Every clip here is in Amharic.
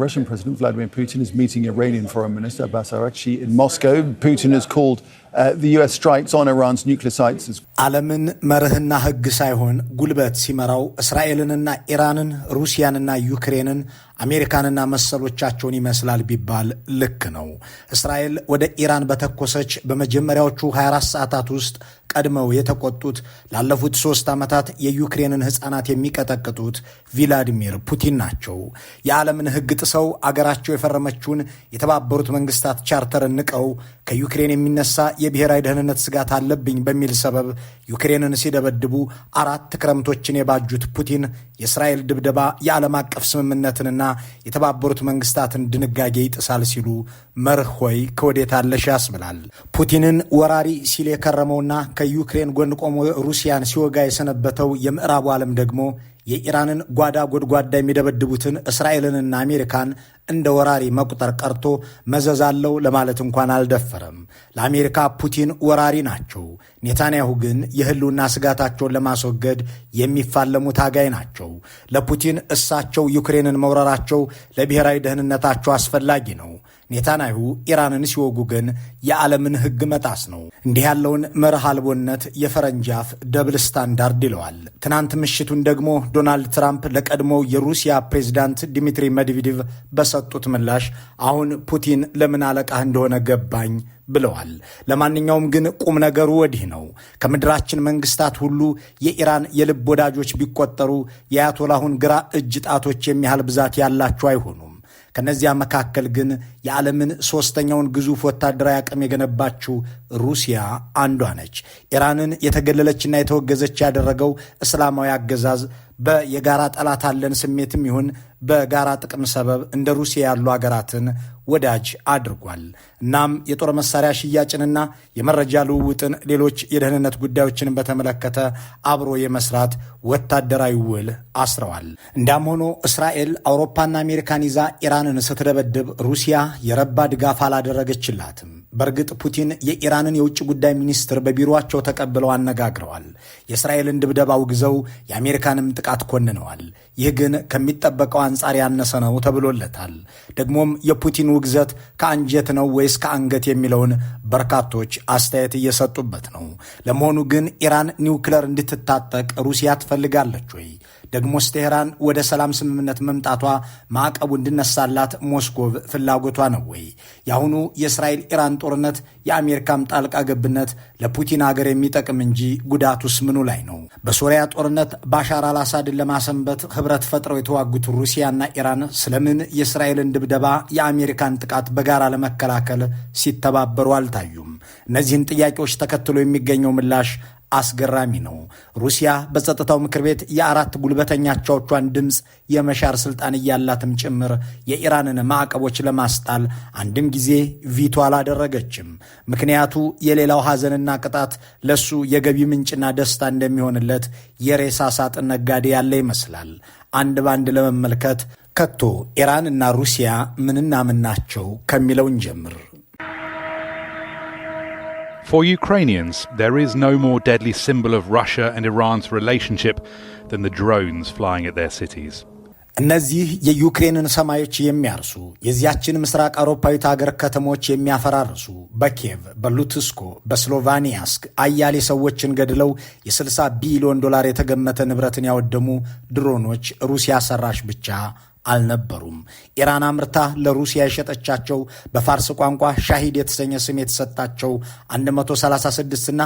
Russian President Vladimir Putin is meeting Iranian Foreign Minister Abbas Araghchi in Moscow. Putin has called Uh, ዓለምን መርህና ህግ ሳይሆን ጉልበት ሲመራው እስራኤልንና ኢራንን ሩሲያንና ዩክሬንን አሜሪካንና መሰሎቻቸውን ይመስላል ቢባል ልክ ነው። እስራኤል ወደ ኢራን በተኮሰች በመጀመሪያዎቹ 24 ሰዓታት ውስጥ ቀድመው የተቆጡት ላለፉት ሦስት ዓመታት የዩክሬንን ሕፃናት የሚቀጠቅጡት ቪላዲሚር ፑቲን ናቸው። የዓለምን ህግ ጥሰው አገራቸው የፈረመችውን የተባበሩት መንግስታት ቻርተር ንቀው ከዩክሬን የሚነሳ የብሔራዊ ደህንነት ስጋት አለብኝ በሚል ሰበብ ዩክሬንን ሲደበድቡ አራት ክረምቶችን የባጁት ፑቲን የእስራኤል ድብደባ የዓለም አቀፍ ስምምነትንና የተባበሩት መንግስታትን ድንጋጌ ይጥሳል ሲሉ መርህ ሆይ ከወዴት አለሽ ያስብላል። ፑቲንን ወራሪ ሲል የከረመውና ከዩክሬን ጎን ቆሞ ሩሲያን ሲወጋ የሰነበተው የምዕራቡ ዓለም ደግሞ የኢራንን ጓዳ ጎድጓዳ የሚደበድቡትን እስራኤልንና አሜሪካን እንደ ወራሪ መቁጠር ቀርቶ መዘዝ አለው ለማለት እንኳን አልደፈረም። ለአሜሪካ ፑቲን ወራሪ ናቸው፣ ኔታንያሁ ግን የህልውና ስጋታቸውን ለማስወገድ የሚፋለሙ ታጋይ ናቸው። ለፑቲን እሳቸው ዩክሬንን መውረራቸው ለብሔራዊ ደህንነታቸው አስፈላጊ ነው። ኔታንያሁ ኢራንን ሲወጉ ግን የዓለምን ህግ መጣስ ነው። እንዲህ ያለውን መርህ አልቦነት የፈረንጅ አፍ ደብል ስታንዳርድ ይለዋል። ትናንት ምሽቱን ደግሞ ዶናልድ ትራምፕ ለቀድሞው የሩሲያ ፕሬዚዳንት ዲሚትሪ መድቪዲቭ በሰጡት ምላሽ አሁን ፑቲን ለምን አለቃህ እንደሆነ ገባኝ ብለዋል። ለማንኛውም ግን ቁም ነገሩ ወዲህ ነው። ከምድራችን መንግስታት ሁሉ የኢራን የልብ ወዳጆች ቢቆጠሩ የአያቶላሁን ግራ እጅ ጣቶች የሚያህል ብዛት ያላቸው አይሆኑም። ከነዚያ መካከል ግን የዓለምን ሦስተኛውን ግዙፍ ወታደራዊ አቅም የገነባችው ሩሲያ አንዷ ነች። ኢራንን የተገለለችና የተወገዘች ያደረገው እስላማዊ አገዛዝ በየጋራ ጠላት አለን ስሜትም ይሁን በጋራ ጥቅም ሰበብ እንደ ሩሲያ ያሉ አገራትን ወዳጅ አድርጓል። እናም የጦር መሳሪያ ሽያጭንና የመረጃ ልውውጥን፣ ሌሎች የደህንነት ጉዳዮችን በተመለከተ አብሮ የመስራት ወታደራዊ ውል አስረዋል። እንዳም ሆኖ እስራኤል አውሮፓና አሜሪካን ይዛ ኢራንን ስትደበድብ ሩሲያ የረባ ድጋፍ አላደረገችላትም። በእርግጥ ፑቲን የኢራንን የውጭ ጉዳይ ሚኒስትር በቢሮቸው ተቀብለው አነጋግረዋል። የእስራኤልን ድብደባ አውግዘው የአሜሪካንም ጥቃት ኮንነዋል። ይህ ግን ከሚጠበቀው አንጻር ያነሰ ነው ተብሎለታል። ደግሞም የፑቲን ውግዘት ከአንጀት ነው ወይስ ከአንገት የሚለውን በርካቶች አስተያየት እየሰጡበት ነው። ለመሆኑ ግን ኢራን ኒውክለር እንድትታጠቅ ሩሲያ ትፈልጋለች ወይ? ደግሞስ ቴህራን ወደ ሰላም ስምምነት መምጣቷ ማዕቀቡ እንዲነሳላት ሞስኮቭ ፍላጎቷ ነው ወይ? የአሁኑ የእስራኤል ኢራን ጦርነት የአሜሪካም ጣልቃ ገብነት ለፑቲን አገር የሚጠቅም እንጂ ጉዳቱስ ምኑ ላይ ነው? በሶሪያ ጦርነት ባሻር አልአሳድን ለማሰንበት ህብረት ፈጥረው የተዋጉት ሩሲያና ኢራን ስለምን የእስራኤልን ድብደባ፣ የአሜሪካን ጥቃት በጋራ ለመከላከል ሲተባበሩ አልታዩም? እነዚህን ጥያቄዎች ተከትሎ የሚገኘው ምላሽ አስገራሚ ነው። ሩሲያ በጸጥታው ምክር ቤት የአራት ጉልበተኛቻዎቿን ድምፅ የመሻር ስልጣን እያላትም ጭምር የኢራንን ማዕቀቦች ለማስጣል አንድም ጊዜ ቪቶ አላደረገችም። ምክንያቱ የሌላው ሐዘንና ቅጣት ለሱ የገቢ ምንጭና ደስታ እንደሚሆንለት የሬሳ ሳጥን ነጋዴ ያለ ይመስላል። አንድ ባንድ ለመመልከት ከቶ ኢራንና ሩሲያ ናቸው ከሚለው እንጀምር። For Ukrainians, there is no more deadly symbol of Russia and Iran's relationship than the drones flying at their cities. እነዚህ የዩክሬንን ሰማዮች የሚያርሱ የዚያችን ምስራቅ አውሮፓዊት ሀገር ከተሞች የሚያፈራርሱ በኪየቭ፣ በሉትስኮ፣ በስሎቫኒያስክ አያሌ ሰዎችን ገድለው የ60 ቢሊዮን ዶላር የተገመተ ንብረትን ያወደሙ ድሮኖች ሩሲያ ሰራሽ ብቻ አልነበሩም። ኢራን አምርታ ለሩሲያ የሸጠቻቸው በፋርስ ቋንቋ ሻሂድ የተሰኘ ስም የተሰጣቸው 136 እና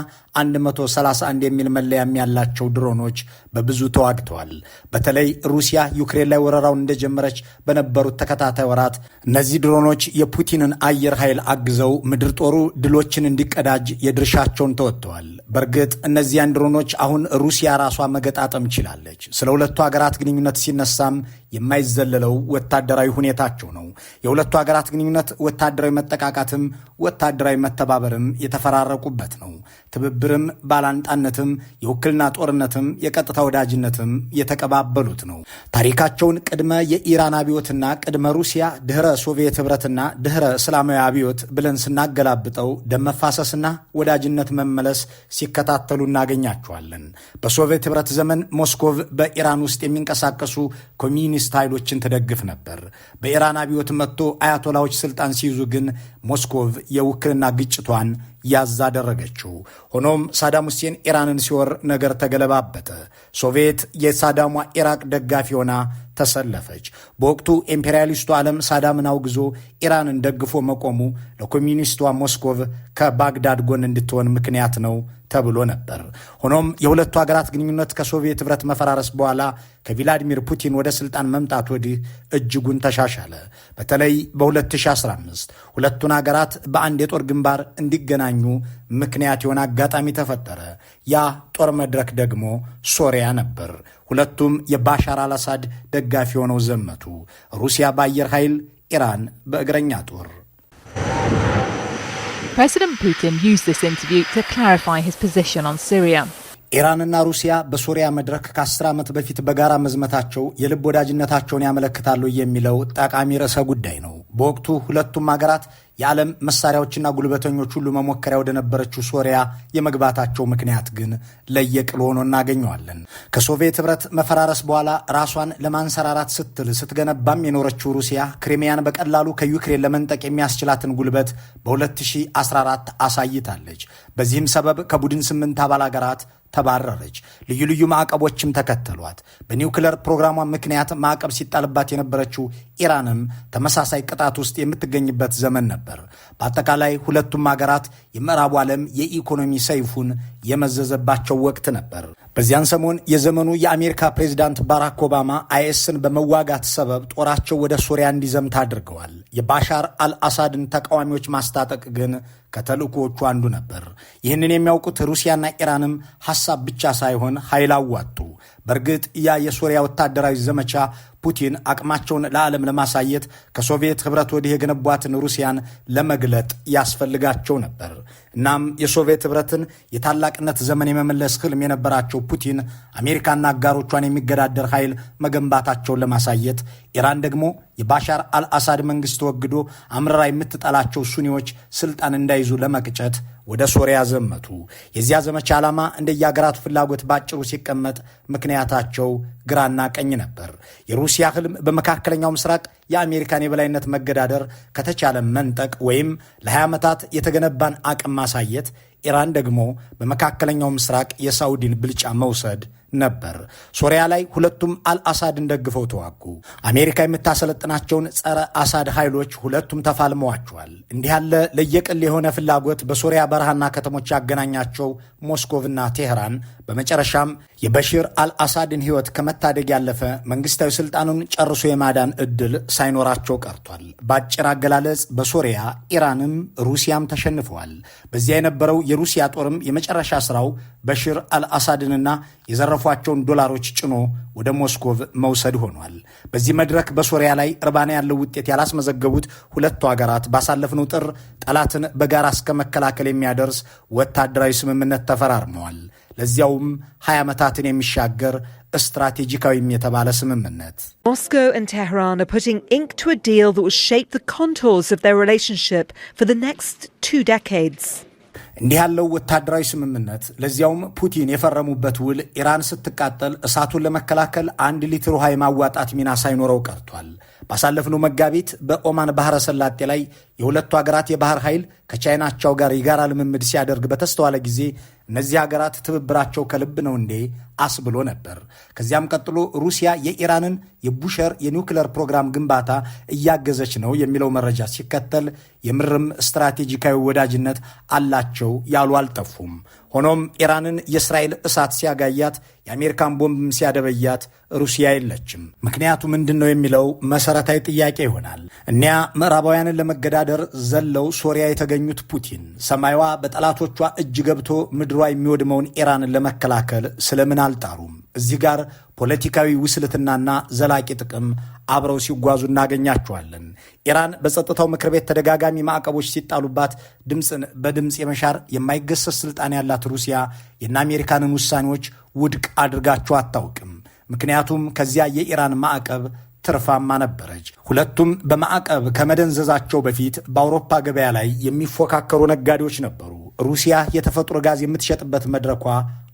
131 የሚል መለያም ያላቸው ድሮኖች በብዙ ተዋግተዋል። በተለይ ሩሲያ ዩክሬን ላይ ወረራውን እንደጀመረች በነበሩት ተከታታይ ወራት እነዚህ ድሮኖች የፑቲንን አየር ኃይል አግዘው ምድር ጦሩ ድሎችን እንዲቀዳጅ የድርሻቸውን ተወጥተዋል። በእርግጥ እነዚያን ድሮኖች አሁን ሩሲያ ራሷ መገጣጠም ችላለች። ስለ ሁለቱ ሀገራት ግንኙነት ሲነሳም የማይዘ የዘለለው ወታደራዊ ሁኔታቸው ነው። የሁለቱ ሀገራት ግንኙነት ወታደራዊ መጠቃቃትም ወታደራዊ መተባበርም የተፈራረቁበት ነው። ትብብርም ባላንጣነትም የውክልና ጦርነትም የቀጥታ ወዳጅነትም የተቀባበሉት ነው። ታሪካቸውን ቅድመ የኢራን አብዮትና ቅድመ ሩሲያ፣ ድህረ ሶቪየት ህብረትና ድህረ እስላማዊ አብዮት ብለን ስናገላብጠው ደም መፋሰስና ወዳጅነት መመለስ ሲከታተሉ እናገኛቸዋለን። በሶቪየት ህብረት ዘመን ሞስኮቭ በኢራን ውስጥ የሚንቀሳቀሱ ኮሚኒስት ኃይሎችን ትደግፍ ነበር። በኢራን አብዮት መጥቶ አያቶላዎች ስልጣን ሲይዙ ግን ሞስኮቭ የውክልና ግጭቷን ያዝ አደረገችው። ሆኖም ሳዳም ሁሴን ኢራንን ሲወር ነገር ተገለባበጠ። ሶቪየት የሳዳሟ ኢራቅ ደጋፊ ሆና ተሰለፈች። በወቅቱ ኢምፔሪያሊስቱ ዓለም ሳዳምን አውግዞ ኢራንን ደግፎ መቆሙ ለኮሚኒስቷ ሞስኮቭ ከባግዳድ ጎን እንድትሆን ምክንያት ነው ተብሎ ነበር። ሆኖም የሁለቱ ሀገራት ግንኙነት ከሶቪየት ኅብረት መፈራረስ በኋላ ከቪላዲሚር ፑቲን ወደ ስልጣን መምጣት ወዲህ እጅጉን ተሻሻለ። በተለይ በ2015 ሁለቱን ሀገራት በአንድ የጦር ግንባር እንዲገናኙ ምክንያት የሆነ አጋጣሚ ተፈጠረ። ያ ጦር መድረክ ደግሞ ሶሪያ ነበር። ሁለቱም የባሻር አልአሳድ ደጋፊ ሆነው ዘመቱ። ሩሲያ በአየር ኃይል፣ ኢራን በእግረኛ ጦር President Putin used this interview to clarify his position on Syria. ኢራንና ሩሲያ በሶሪያ መድረክ ከአስር ዓመት በፊት በጋራ መዝመታቸው የልብ ወዳጅነታቸውን ያመለክታሉ የሚለው ጠቃሚ ርዕሰ ጉዳይ ነው። በወቅቱ ሁለቱም ሀገራት የዓለም መሳሪያዎችና ጉልበተኞች ሁሉ መሞከሪያ ወደነበረችው ሶሪያ የመግባታቸው ምክንያት ግን ለየቅል ሆኖ እናገኘዋለን። ከሶቪየት ህብረት መፈራረስ በኋላ ራሷን ለማንሰራራት ስትል ስትገነባም የኖረችው ሩሲያ ክሪሚያን በቀላሉ ከዩክሬን ለመንጠቅ የሚያስችላትን ጉልበት በ2014 አሳይታለች። በዚህም ሰበብ ከቡድን ስምንት አባል አገራት ተባረረች። ልዩ ልዩ ማዕቀቦችም ተከተሏት። በኒውክለር ፕሮግራሟ ምክንያት ማዕቀብ ሲጣልባት የነበረችው ኢራንም ተመሳሳይ ቅጣት ውስጥ የምትገኝበት ዘመን ነበር። ነበር። በአጠቃላይ ሁለቱም ሀገራት የምዕራቡ ዓለም የኢኮኖሚ ሰይፉን የመዘዘባቸው ወቅት ነበር። በዚያን ሰሞን የዘመኑ የአሜሪካ ፕሬዚዳንት ባራክ ኦባማ አይኤስን በመዋጋት ሰበብ ጦራቸው ወደ ሱሪያ እንዲዘምት አድርገዋል። የባሻር አልአሳድን ተቃዋሚዎች ማስታጠቅ ግን ከተልእኮዎቹ አንዱ ነበር። ይህንን የሚያውቁት ሩሲያና ኢራንም ሐሳብ ብቻ ሳይሆን ኃይል አዋጡ። በእርግጥ ያ የሶሪያ ወታደራዊ ዘመቻ ፑቲን አቅማቸውን ለዓለም ለማሳየት ከሶቪየት ህብረት ወዲህ የገነቧትን ሩሲያን ለመግለጥ ያስፈልጋቸው ነበር። እናም የሶቪየት ህብረትን የታላቅነት ዘመን የመመለስ ህልም የነበራቸው ፑቲን አሜሪካና አጋሮቿን የሚገዳደር ኃይል መገንባታቸውን ለማሳየት ኢራን ደግሞ የባሻር አልአሳድ መንግስት ተወግዶ አምረራ የምትጠላቸው ሱኒዎች ስልጣን እንዳይዙ ለመቅጨት ወደ ሶሪያ ዘመቱ። የዚያ ዘመቻ ዓላማ የአገራቱ ፍላጎት ባጭሩ ሲቀመጥ ምክንያታቸው ግራና ቀኝ ነበር። የሩሲያ ህልም በመካከለኛው ምስራቅ የአሜሪካን የበላይነት መገዳደር ከተቻለ መንጠቅ ወይም ለ20 ዓመታት የተገነባን አቅም ማሳየት፣ ኢራን ደግሞ በመካከለኛው ምስራቅ የሳውዲን ብልጫ መውሰድ ነበር። ሶሪያ ላይ ሁለቱም አልአሳድን ደግፈው ተዋጉ። አሜሪካ የምታሰለጥናቸውን ጸረ አሳድ ኃይሎች ሁለቱም ተፋልመዋቸዋል። እንዲህ ያለ ለየቅል የሆነ ፍላጎት በሶሪያ በረሃና ከተሞች ያገናኛቸው ሞስኮቭና ቴህራን በመጨረሻም የበሺር አልአሳድን ህይወት ከመታደግ ያለፈ መንግስታዊ ስልጣኑን ጨርሶ የማዳን እድል ሳይኖራቸው ቀርቷል። በአጭር አገላለጽ በሶሪያ ኢራንም ሩሲያም ተሸንፈዋል። በዚያ የነበረው የሩሲያ ጦርም የመጨረሻ ስራው በሺር አልአሳድንና የዘረፏቸውን ዶላሮች ጭኖ ወደ ሞስኮቭ መውሰድ ሆኗል። በዚህ መድረክ በሶሪያ ላይ እርባና ያለው ውጤት ያላስመዘገቡት ሁለቱ ሀገራት ባሳለፍነው ጥር ጠላትን በጋራ እስከ መከላከል የሚያደርስ ወታደራዊ ስምምነት ተፈራርመዋል። ለዚያውም 20 ዓመታትን የሚሻገር ስትራቴጂካዊም የተባለ ስምምነት ሞስኮ and Tehran are putting ink to a deal that will shape the contours of their relationship for the next two decades. እንዲህ ያለው ወታደራዊ ስምምነት ለዚያውም ፑቲን የፈረሙበት ውል ኢራን ስትቃጠል እሳቱን ለመከላከል አንድ ሊትር ውሃ የማዋጣት ሚና ሳይኖረው ቀርቷል። ባሳለፍነው መጋቢት በኦማን ባህረ ሰላጤ ላይ የሁለቱ ሀገራት የባህር ኃይል ከቻይናቸው ጋር የጋራ ልምምድ ሲያደርግ በተስተዋለ ጊዜ እነዚህ ሀገራት ትብብራቸው ከልብ ነው እንዴ አስብሎ ነበር። ከዚያም ቀጥሎ ሩሲያ የኢራንን የቡሸር የኒውክለር ፕሮግራም ግንባታ እያገዘች ነው የሚለው መረጃ ሲከተል የምርም ስትራቴጂካዊ ወዳጅነት አላቸው ያሉ አልጠፉም። ሆኖም ኢራንን የእስራኤል እሳት ሲያጋያት የአሜሪካን ቦምብም ሲያደበያት ሩሲያ የለችም። ምክንያቱ ምንድን ነው የሚለው መሰረታዊ ጥያቄ ይሆናል። እኒያ ምዕራባውያንን ለመገዳደር ዘለው ሶሪያ የተገኙት ፑቲን ሰማይዋ በጠላቶቿ እጅ ገብቶ ምድ በምድሯ የሚወድመውን ኢራንን ለመከላከል ስለምን አልጣሩም? እዚህ ጋር ፖለቲካዊ ውስልትናና ዘላቂ ጥቅም አብረው ሲጓዙ እናገኛቸዋለን። ኢራን በጸጥታው ምክር ቤት ተደጋጋሚ ማዕቀቦች ሲጣሉባት ድምፅን በድምፅ የመሻር የማይገሰስ ስልጣን ያላት ሩሲያ የነ አሜሪካንን ውሳኔዎች ውድቅ አድርጋቸው አታውቅም። ምክንያቱም ከዚያ የኢራን ማዕቀብ ትርፋማ ነበረች። ሁለቱም በማዕቀብ ከመደንዘዛቸው በፊት በአውሮፓ ገበያ ላይ የሚፎካከሩ ነጋዴዎች ነበሩ። ሩሲያ የተፈጥሮ ጋዝ የምትሸጥበት መድረኳ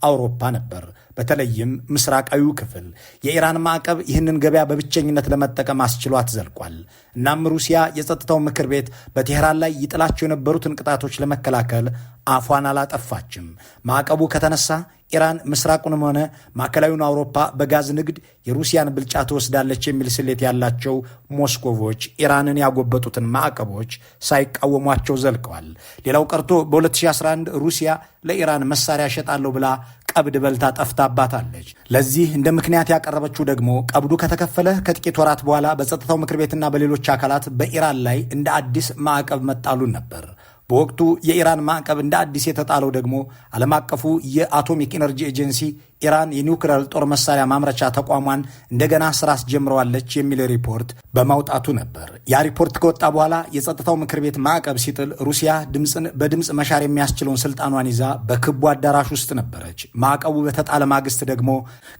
አውሮፓ ነበር። በተለይም ምስራቃዊው ክፍል የኢራን ማዕቀብ ይህንን ገበያ በብቸኝነት ለመጠቀም አስችሏት ዘልቋል። እናም ሩሲያ የጸጥታው ምክር ቤት በቴህራን ላይ ይጥላቸው የነበሩትን ቅጣቶች ለመከላከል አፏን አላጠፋችም። ማዕቀቡ ከተነሳ ኢራን ምስራቁንም ሆነ ማዕከላዊውን አውሮፓ በጋዝ ንግድ የሩሲያን ብልጫ ትወስዳለች የሚል ስሌት ያላቸው ሞስኮቮች ኢራንን ያጎበጡትን ማዕቀቦች ሳይቃወሟቸው ዘልቀዋል። ሌላው ቀርቶ በ2011 ሩሲያ ለኢራን መሳሪያ እሸጣለሁ ብላ ቀብድ በልታ ጠፍታባታለች። ለዚህ እንደ ምክንያት ያቀረበችው ደግሞ ቀብዱ ከተከፈለ ከጥቂት ወራት በኋላ በጸጥታው ምክር ቤትና በሌሎች አካላት በኢራን ላይ እንደ አዲስ ማዕቀብ መጣሉን ነበር። በወቅቱ የኢራን ማዕቀብ እንደ አዲስ የተጣለው ደግሞ ዓለም አቀፉ የአቶሚክ ኤነርጂ ኤጀንሲ ኢራን የኒውክለር ጦር መሳሪያ ማምረቻ ተቋሟን እንደገና ስራ አስጀምረዋለች የሚል ሪፖርት በማውጣቱ ነበር። ያ ሪፖርት ከወጣ በኋላ የጸጥታው ምክር ቤት ማዕቀብ ሲጥል ሩሲያ ድምፅን በድምፅ መሻር የሚያስችለውን ስልጣኗን ይዛ በክቡ አዳራሽ ውስጥ ነበረች። ማዕቀቡ በተጣለ ማግስት ደግሞ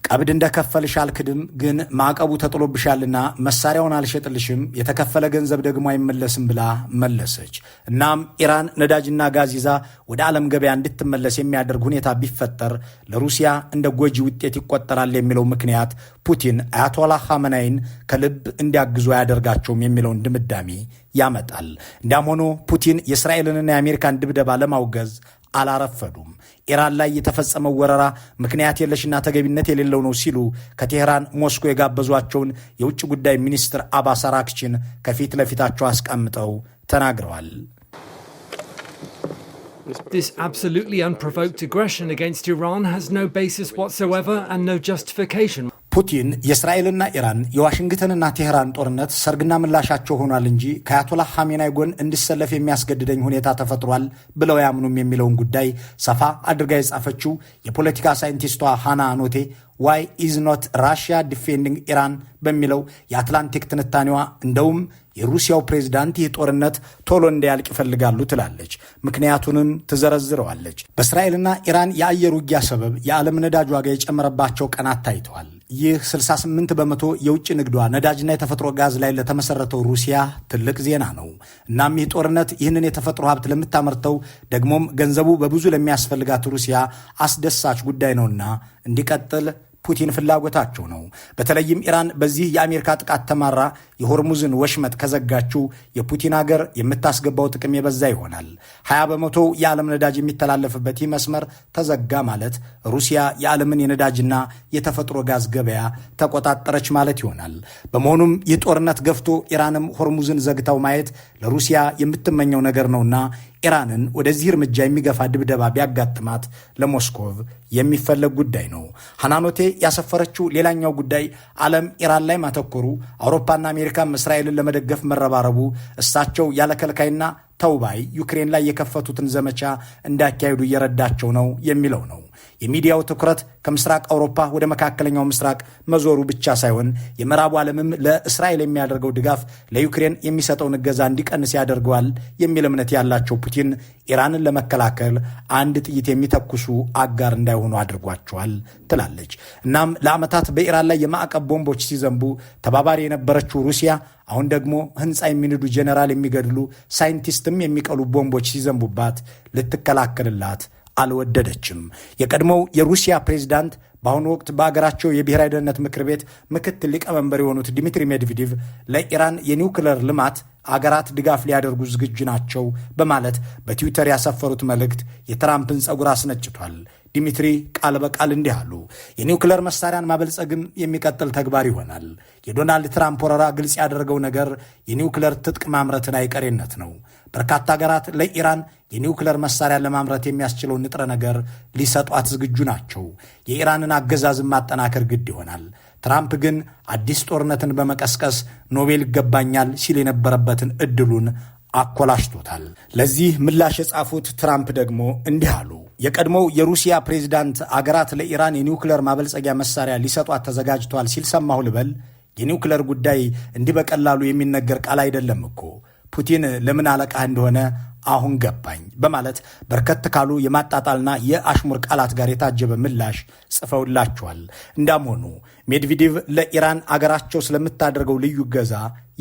ቀብድ እንደከፈልሽ አልክድም፣ ግን ማዕቀቡ ተጥሎብሻልና መሳሪያውን አልሸጥልሽም፣ የተከፈለ ገንዘብ ደግሞ አይመለስም ብላ መለሰች። እናም ኢራን ነዳጅና ጋዝ ይዛ ወደ ዓለም ገበያ እንድትመለስ የሚያደርግ ሁኔታ ቢፈጠር ለሩሲያ እንደ ጎጂ ውጤት ይቆጠራል የሚለው ምክንያት ፑቲን አያቶላ ሐመናይን ከልብ እንዲያግዙ አያደርጋቸውም የሚለውን ድምዳሜ ያመጣል። እንዲያም ሆኖ ፑቲን የእስራኤልንና የአሜሪካን ድብደባ ለማውገዝ አላረፈዱም። ኢራን ላይ የተፈጸመው ወረራ ምክንያት የለሽና ተገቢነት የሌለው ነው ሲሉ ከቴህራን ሞስኮ የጋበዟቸውን የውጭ ጉዳይ ሚኒስትር አባስ ከፊት ለፊታቸው አስቀምጠው ተናግረዋል። This absolutely unprovoked aggression against Iran has no basis whatsoever and no justification. ፑቲን የእስራኤልና ኢራን የዋሽንግተንና ቴህራን ጦርነት ሰርግና ምላሻቸው ሆኗል እንጂ ከአያቶላ ሐሜናይ ጎን እንዲሰለፍ የሚያስገድደኝ ሁኔታ ተፈጥሯል ብለው ያምኑም የሚለውን ጉዳይ ሰፋ አድርጋ የጻፈችው የፖለቲካ ሳይንቲስቷ ሃና ኖቴ ዋይ ኢዝ ኖት ራሽያ ዲፌንዲንግ ኢራን በሚለው የአትላንቲክ ትንታኔዋ እንደውም የሩሲያው ፕሬዝዳንት ይህ ጦርነት ቶሎ እንዲያልቅ ይፈልጋሉ ትላለች። ምክንያቱንም ትዘረዝረዋለች። በእስራኤልና ኢራን የአየር ውጊያ ሰበብ የዓለም ነዳጅ ዋጋ የጨመረባቸው ቀናት ታይተዋል። ይህ 68 በመቶ የውጭ ንግዷ ነዳጅና የተፈጥሮ ጋዝ ላይ ለተመሰረተው ሩሲያ ትልቅ ዜና ነው። እናም ይህ ጦርነት ይህንን የተፈጥሮ ሀብት ለምታመርተው ደግሞም ገንዘቡ በብዙ ለሚያስፈልጋት ሩሲያ አስደሳች ጉዳይ ነውና እንዲቀጥል ፑቲን ፍላጎታቸው ነው። በተለይም ኢራን በዚህ የአሜሪካ ጥቃት ተማራ የሆርሙዝን ወሽመጥ ከዘጋችው የፑቲን ሀገር የምታስገባው ጥቅም የበዛ ይሆናል። 20 በመቶ የዓለም ነዳጅ የሚተላለፍበት ይህ መስመር ተዘጋ ማለት ሩሲያ የዓለምን የነዳጅና የተፈጥሮ ጋዝ ገበያ ተቆጣጠረች ማለት ይሆናል። በመሆኑም ይህ ጦርነት ገፍቶ ኢራንም ሆርሙዝን ዘግታው ማየት ለሩሲያ የምትመኘው ነገር ነውና ኢራንን ወደዚህ እርምጃ የሚገፋ ድብደባ ቢያጋጥማት ለሞስኮቭ የሚፈለግ ጉዳይ ነው። ሃናኖቴ ያሰፈረችው ሌላኛው ጉዳይ ዓለም ኢራን ላይ ማተኮሩ፣ አውሮፓና አሜሪካም እስራኤልን ለመደገፍ መረባረቡ እሳቸው ያለ ከልካይና ተውባይ ዩክሬን ላይ የከፈቱትን ዘመቻ እንዳካሄዱ እየረዳቸው ነው የሚለው ነው። የሚዲያው ትኩረት ከምስራቅ አውሮፓ ወደ መካከለኛው ምስራቅ መዞሩ ብቻ ሳይሆን የምዕራቡ ዓለምም ለእስራኤል የሚያደርገው ድጋፍ ለዩክሬን የሚሰጠውን እገዛ እንዲቀንስ ያደርገዋል የሚል እምነት ያላቸው ፑቲን ኢራንን ለመከላከል አንድ ጥይት የሚተኩሱ አጋር እንዳይሆኑ አድርጓቸዋል ትላለች። እናም ለዓመታት በኢራን ላይ የማዕቀብ ቦምቦች ሲዘንቡ ተባባሪ የነበረችው ሩሲያ አሁን ደግሞ ሕንፃ የሚንዱ ጀኔራል የሚገድሉ ሳይንቲስት ውስጥም የሚቀሉ ቦምቦች ሲዘንቡባት ልትከላከልላት አልወደደችም። የቀድሞው የሩሲያ ፕሬዚዳንት በአሁኑ ወቅት በአገራቸው የብሔራዊ ደህንነት ምክር ቤት ምክትል ሊቀመንበር የሆኑት ዲሚትሪ ሜድቪዲቭ ለኢራን የኒውክለር ልማት አገራት ድጋፍ ሊያደርጉ ዝግጁ ናቸው በማለት በትዊተር ያሰፈሩት መልእክት የትራምፕን ጸጉር አስነጭቷል። ዲሚትሪ ቃል በቃል እንዲህ አሉ። የኒውክለር መሳሪያን ማበልጸግም የሚቀጥል ተግባር ይሆናል። የዶናልድ ትራምፕ ወረራ ግልጽ ያደረገው ነገር የኒውክለር ትጥቅ ማምረትን አይቀሬነት ነው። በርካታ ሀገራት ለኢራን የኒውክለር መሳሪያ ለማምረት የሚያስችለውን ንጥረ ነገር ሊሰጧት ዝግጁ ናቸው። የኢራንን አገዛዝን ማጠናከር ግድ ይሆናል። ትራምፕ ግን አዲስ ጦርነትን በመቀስቀስ ኖቤል ይገባኛል ሲል የነበረበትን እድሉን አኮላሽቶታል። ለዚህ ምላሽ የጻፉት ትራምፕ ደግሞ እንዲህ አሉ። የቀድሞው የሩሲያ ፕሬዚዳንት አገራት ለኢራን የኒውክለር ማበልጸጊያ መሳሪያ ሊሰጧት ተዘጋጅተዋል ሲል ሰማሁ ልበል? የኒውክለር ጉዳይ እንዲህ በቀላሉ የሚነገር ቃል አይደለም እኮ ፑቲን ለምን አለቃ እንደሆነ አሁን ገባኝ በማለት በርከት ካሉ የማጣጣልና የአሽሙር ቃላት ጋር የታጀበ ምላሽ ጽፈውላቸዋል። እንዳም ሆኑ ሜድቪዴቭ ለኢራን አገራቸው ስለምታደርገው ልዩ ገዛ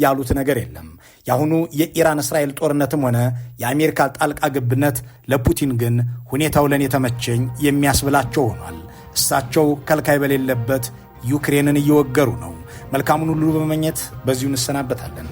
ያሉት ነገር የለም። የአሁኑ የኢራን እስራኤል ጦርነትም ሆነ የአሜሪካ ጣልቃ ግብነት ለፑቲን ግን ሁኔታው ለእኔ የተመቸኝ የሚያስብላቸው ሆኗል። እሳቸው ከልካይ በሌለበት ዩክሬንን እየወገሩ ነው። መልካሙን ሁሉ በመመኘት በዚሁ እንሰናበታለን።